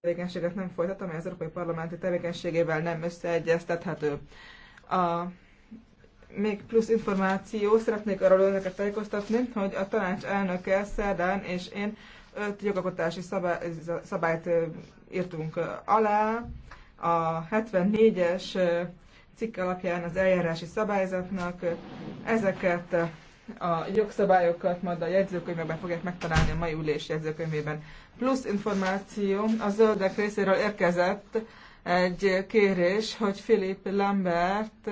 tevékenységet nem folytat, amely az Európai Parlamenti tevékenységével nem összeegyeztethető. A, még plusz információ, szeretnék arról önöket tájékoztatni, hogy a tanács elnöke Szerdán és én öt jogalkotási szabály, szabályt írtunk alá. A 74-es cikk alapján az eljárási szabályzatnak ezeket a jogszabályokat majd a jegyzőkönyvben fogják megtalálni a mai ülés jegyzőkönyvében. Plusz információ, a zöldek részéről érkezett egy kérés, hogy Philip Lambert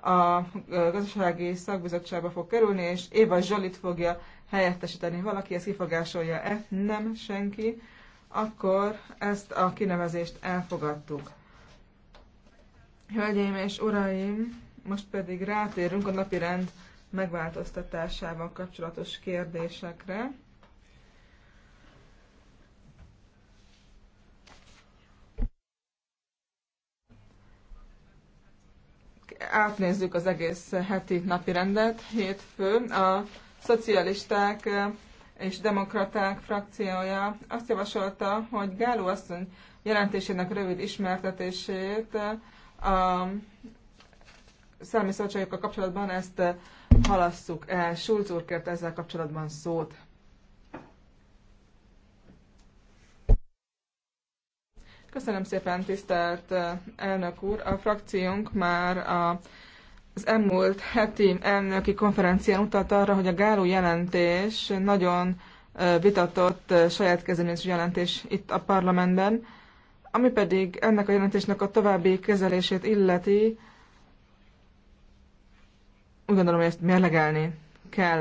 a gazdasági szakbizottságba fog kerülni, és Éva Zsolit fogja helyettesíteni. Valaki ezt kifogásolja-e? Nem senki. Akkor ezt a kinevezést elfogadtuk. Hölgyeim és uraim, most pedig rátérünk a napirend megváltoztatásával kapcsolatos kérdésekre. Átnézzük az egész heti napi rendet. Hétfő a szocialisták és demokraták frakciója azt javasolta, hogy Gáló asszony jelentésének rövid ismertetését a szellemi kapcsolatban ezt halasszuk el. Schulz úr kért ezzel kapcsolatban szót. Köszönöm szépen, tisztelt elnök úr! A frakciónk már a, az elmúlt heti elnöki konferencián utalt arra, hogy a Gáló jelentés nagyon vitatott saját kezdeményező jelentés itt a parlamentben, ami pedig ennek a jelentésnek a további kezelését illeti, úgy gondolom, hogy ezt mérlegelni kell.